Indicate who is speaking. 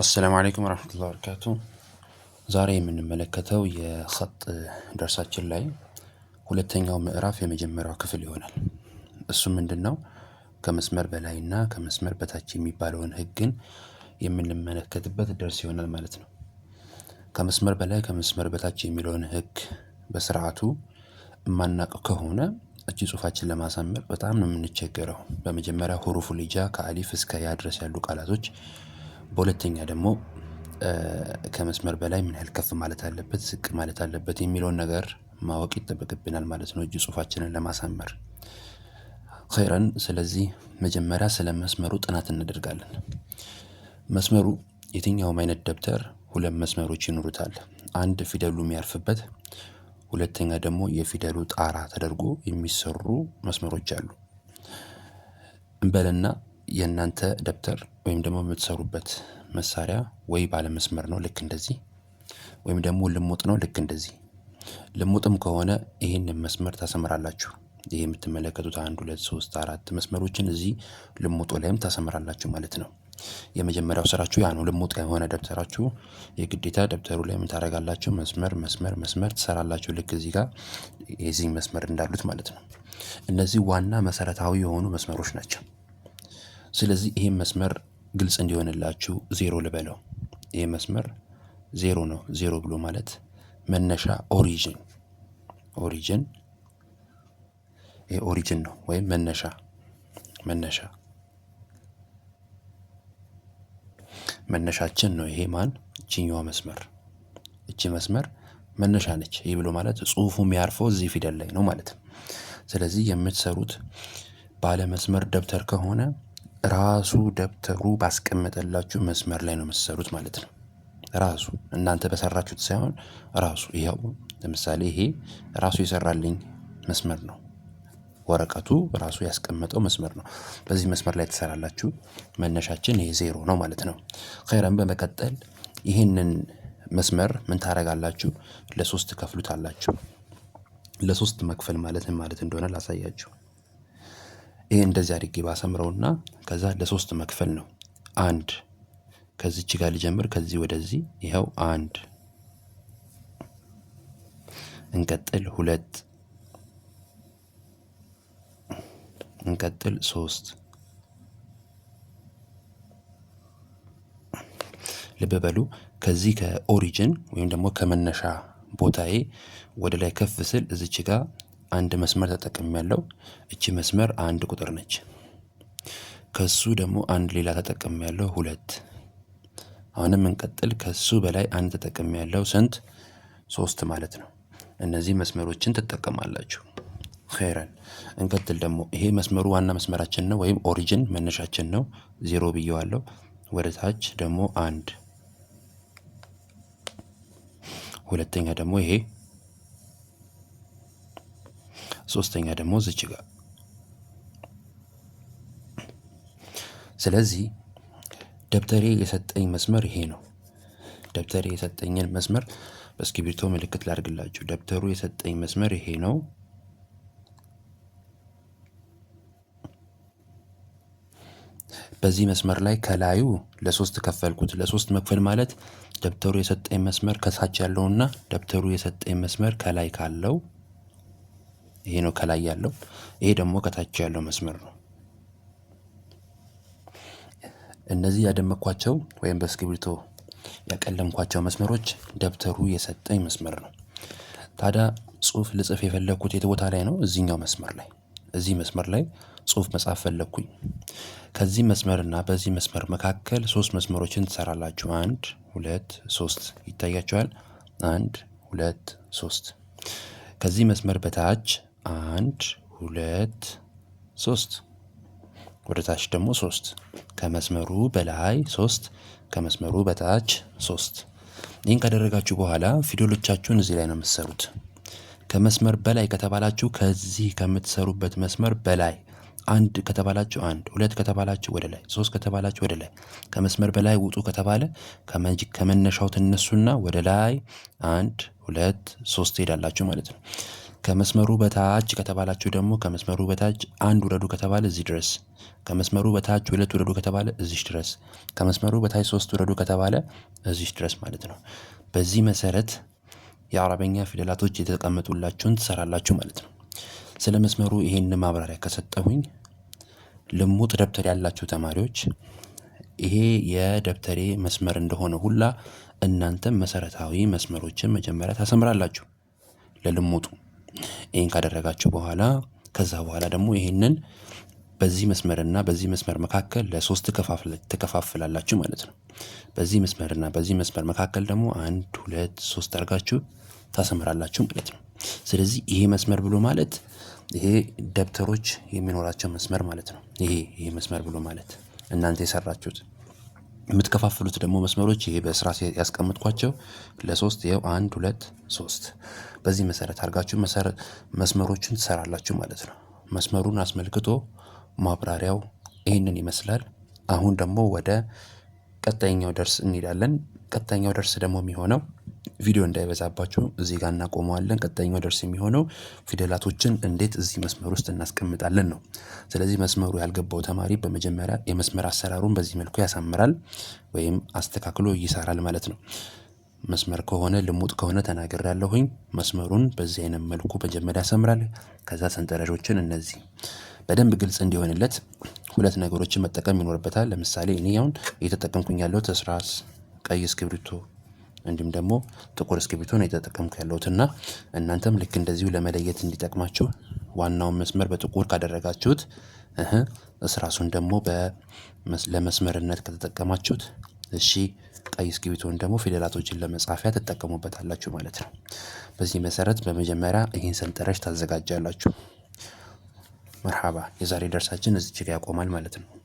Speaker 1: አሰላሙ አለይኩም ወረህመቱላሂ ወበረካቱ። ዛሬ የምንመለከተው የኸጥ ደርሳችን ላይ ሁለተኛው ምዕራፍ የመጀመሪያው ክፍል ይሆናል። እሱ ምንድን ነው? ከመስመር በላይና ከመስመር በታች የሚባለውን ህግን የምንመለከትበት ደርስ ይሆናል ማለት ነው። ከመስመር በላይ ከመስመር በታች የሚለውን ህግ በስርዓቱ የማናውቀው ከሆነ እጅ ጽሁፋችን ለማሳመር በጣም ነው የምንቸገረው። በመጀመሪያ ሁሩፉል ሂጃ ከአሊፍ እስከ ያ ድረስ ያሉ ቃላቶች በሁለተኛ ደግሞ ከመስመር በላይ ምን ያህል ከፍ ማለት አለበት፣ ዝቅ ማለት አለበት የሚለውን ነገር ማወቅ ይጠበቅብናል ማለት ነው እጅ ጽሁፋችንን ለማሳመር ኸይረን። ስለዚህ መጀመሪያ ስለ መስመሩ ጥናት እናደርጋለን። መስመሩ የትኛውም አይነት ደብተር ሁለት መስመሮች ይኖሩታል። አንድ ፊደሉ የሚያርፍበት፣ ሁለተኛ ደግሞ የፊደሉ ጣራ ተደርጎ የሚሰሩ መስመሮች አሉ እንበለና የእናንተ ደብተር ወይም ደግሞ የምትሰሩበት መሳሪያ ወይ ባለመስመር ነው ልክ እንደዚህ ወይም ደግሞ ልሙጥ ነው ልክ እንደዚህ ልሙጥም ከሆነ ይህን መስመር ታሰምራላችሁ ይህ የምትመለከቱት አንድ ሁለት ሶስት አራት መስመሮችን እዚህ ልሙጡ ላይም ታሰምራላችሁ ማለት ነው። የመጀመሪያው ስራችሁ ያ ነው። ልሙጥ የሆነ ደብተራችሁ የግዴታ ደብተሩ ላይ ምን ታደርጋላችሁ? መስመር መስመር መስመር ትሰራላችሁ። ልክ እዚህ ጋር የዚህ መስመር እንዳሉት ማለት ነው። እነዚህ ዋና መሰረታዊ የሆኑ መስመሮች ናቸው። ስለዚህ ይህም መስመር ግልጽ እንዲሆንላችሁ ዜሮ ልበለው። ይህ መስመር ዜሮ ነው። ዜሮ ብሎ ማለት መነሻ ኦሪጅን ኦሪጅን ኦሪጅን ነው ወይም መነሻ መነሻ መነሻችን ነው። ይሄ ማን እችኛዋ መስመር እቺ መስመር መነሻ ነች። ይህ ብሎ ማለት ጽሁፉ የሚያርፈው እዚህ ፊደል ላይ ነው ማለት ነው። ስለዚህ የምትሰሩት ባለ መስመር ደብተር ከሆነ ራሱ ደብተሩ ባስቀመጠላችሁ መስመር ላይ ነው የምትሰሩት ማለት ነው። ራሱ እናንተ በሰራችሁት ሳይሆን ራሱ ይኸው ለምሳሌ ይሄ ራሱ የሰራልኝ መስመር ነው። ወረቀቱ ራሱ ያስቀመጠው መስመር ነው። በዚህ መስመር ላይ ትሰራላችሁ። መነሻችን ይሄ ዜሮ ነው ማለት ነው። ኸይረን በመቀጠል ይህንን መስመር ምን ታደርጋላችሁ? ለሶስት ከፍሉታላችሁ። ለሶስት መክፈል ማለት ማለት እንደሆነ ላሳያችሁ። ይህ እንደዚህ አድርጌ ባሰምረውና ከዛ ለሶስት መክፈል ነው። አንድ ከዚች ጋር ልጀምር፣ ከዚህ ወደዚህ ይኸው አንድ እንቀጥል፣ ሁለት እንቀጥል፣ ሶስት ልብ በሉ። ከዚህ ከኦሪጅን ወይም ደግሞ ከመነሻ ቦታዬ ወደ ላይ ከፍ ስል እዚች ጋር አንድ መስመር ተጠቅም ያለው እቺ መስመር አንድ ቁጥር ነች። ከሱ ደግሞ አንድ ሌላ ተጠቅም ያለው ሁለት። አሁንም እንቀጥል። ከሱ በላይ አንድ ተጠቅም ያለው ስንት? ሶስት ማለት ነው። እነዚህ መስመሮችን ትጠቀማላችሁ። ኸይረን እንቀጥል። ደግሞ ይሄ መስመሩ ዋና መስመራችን ነው፣ ወይም ኦሪጅን መነሻችን ነው። ዜሮ ብየዋለው። ወደ ታች ደግሞ አንድ፣ ሁለተኛ ደግሞ ይሄ ሶስተኛ ደግሞ ዝች ጋር። ስለዚህ ደብተሬ የሰጠኝ መስመር ይሄ ነው። ደብተሬ የሰጠኝን መስመር በእስክሪብቶ ምልክት ላድርግላችሁ። ደብተሩ የሰጠኝ መስመር ይሄ ነው። በዚህ መስመር ላይ ከላዩ ለሶስት ከፈልኩት። ለሶስት መክፈል ማለት ደብተሩ የሰጠኝ መስመር ከሳች ያለውና ደብተሩ የሰጠኝ መስመር ከላይ ካለው ይሄ ነው ከላይ ያለው፣ ይሄ ደግሞ ከታች ያለው መስመር ነው። እነዚህ ያደመኳቸው ወይም በእስክሪብቶ ያቀለምኳቸው መስመሮች ደብተሩ የሰጠኝ መስመር ነው። ታዲያ ጽሁፍ ልጽፍ የፈለግኩት የት ቦታ ላይ ነው? እዚኛው መስመር ላይ እዚህ መስመር ላይ ጽሁፍ መጻፍ ፈለግኩኝ። ከዚህ መስመርና በዚህ መስመር መካከል ሶስት መስመሮችን ትሰራላችሁ። አንድ ሁለት ሶስት ይታያችኋል። አንድ ሁለት ሶስት ከዚህ መስመር በታች አንድ ሁለት ሶስት ወደ ታች ደግሞ ሶስት ከመስመሩ በላይ ሶስት ከመስመሩ በታች ሶስት ይህን ካደረጋችሁ በኋላ ፊደሎቻችሁን እዚህ ላይ ነው የምትሰሩት። ከመስመር በላይ ከተባላችሁ ከዚህ ከምትሰሩበት መስመር በላይ አንድ ከተባላችሁ አንድ፣ ሁለት ከተባላችሁ ወደ ላይ፣ ሶስት ከተባላችሁ ወደ ላይ። ከመስመር በላይ ውጡ ከተባለ ከመነሻው ትነሱና ወደ ላይ አንድ ሁለት ሶስት ትሄዳላችሁ ማለት ነው። ከመስመሩ በታች ከተባላችሁ ደግሞ ከመስመሩ በታች አንድ ውረዱ ከተባለ እዚህ ድረስ፣ ከመስመሩ በታች ሁለት ውረዱ ከተባለ እዚህ ድረስ፣ ከመስመሩ በታች ሶስት ውረዱ ከተባለ እዚህ ድረስ ማለት ነው። በዚህ መሰረት የአረበኛ ፊደላቶች የተቀመጡላችሁን ትሰራላችሁ ማለት ነው። ስለ መስመሩ ይሄን ማብራሪያ ከሰጠሁኝ ልሙጥ ደብተር ያላችሁ ተማሪዎች ይሄ የደብተሬ መስመር እንደሆነ ሁላ እናንተም መሰረታዊ መስመሮችን መጀመሪያ ታሰምራላችሁ ለልሙጡ ይሄን ካደረጋችሁ በኋላ ከዛ በኋላ ደግሞ ይሄንን በዚህ መስመርና በዚህ መስመር መካከል ለሶስት ትከፋፍላላችሁ ማለት ነው። በዚህ መስመርና በዚህ መስመር መካከል ደግሞ አንድ ሁለት ሶስት አድርጋችሁ ታሰምራላችሁ ማለት ነው። ስለዚህ ይሄ መስመር ብሎ ማለት ይሄ ደብተሮች የሚኖራቸው መስመር ማለት ነው። ይሄ ይሄ መስመር ብሎ ማለት እናንተ የሰራችሁት የምትከፋፍሉት ደግሞ መስመሮች ይሄ በስራ ያስቀምጥኳቸው ለሶስት ይኸው አንድ ሁለት ሶስት በዚህ መሰረት አድርጋችሁ መስመሮችን ትሰራላችሁ ማለት ነው። መስመሩን አስመልክቶ ማብራሪያው ይህንን ይመስላል። አሁን ደግሞ ወደ ቀጣኛው ደርስ እንሄዳለን። ቀጣኛው ደርስ ደግሞ የሚሆነው ቪዲዮ እንዳይበዛባቸው እዚህ ጋር እናቆመዋለን። ቀጣይኛው ደርስ የሚሆነው ፊደላቶችን እንዴት እዚህ መስመር ውስጥ እናስቀምጣለን ነው። ስለዚህ መስመሩ ያልገባው ተማሪ በመጀመሪያ የመስመር አሰራሩን በዚህ መልኩ ያሳምራል ወይም አስተካክሎ ይሰራል ማለት ነው። መስመር ከሆነ ልሙጥ ከሆነ ተናገር ያለሁኝ መስመሩን በዚህ አይነት መልኩ መጀመሪያ ያሰምራል። ከዛ ሰንጠረዦችን እነዚህ በደንብ ግልጽ እንዲሆንለት ሁለት ነገሮችን መጠቀም ይኖርበታል። ለምሳሌ እኔ አሁን እየተጠቀምኩኝ ያለሁት እስራስ ቀይ እስክብሪቶ እንዲሁም ደግሞ ጥቁር እስክቢቶን የተጠቀምኩ ያለሁት እና እናንተም ልክ እንደዚሁ ለመለየት እንዲጠቅማችሁ ዋናውን መስመር በጥቁር ካደረጋችሁት እስራሱን ደግሞ ለመስመርነት ከተጠቀማችሁት እሺ ቀይ እስክሪብቶን ደግሞ ፊደላቶችን ለመጻፊያ ትጠቀሙበታላችሁ ማለት ነው። በዚህ መሰረት በመጀመሪያ ይህን ሰንጠረዥ ታዘጋጃላችሁ። መርሃባ የዛሬ ደርሳችን እዚህ ያቆማል ማለት ነው።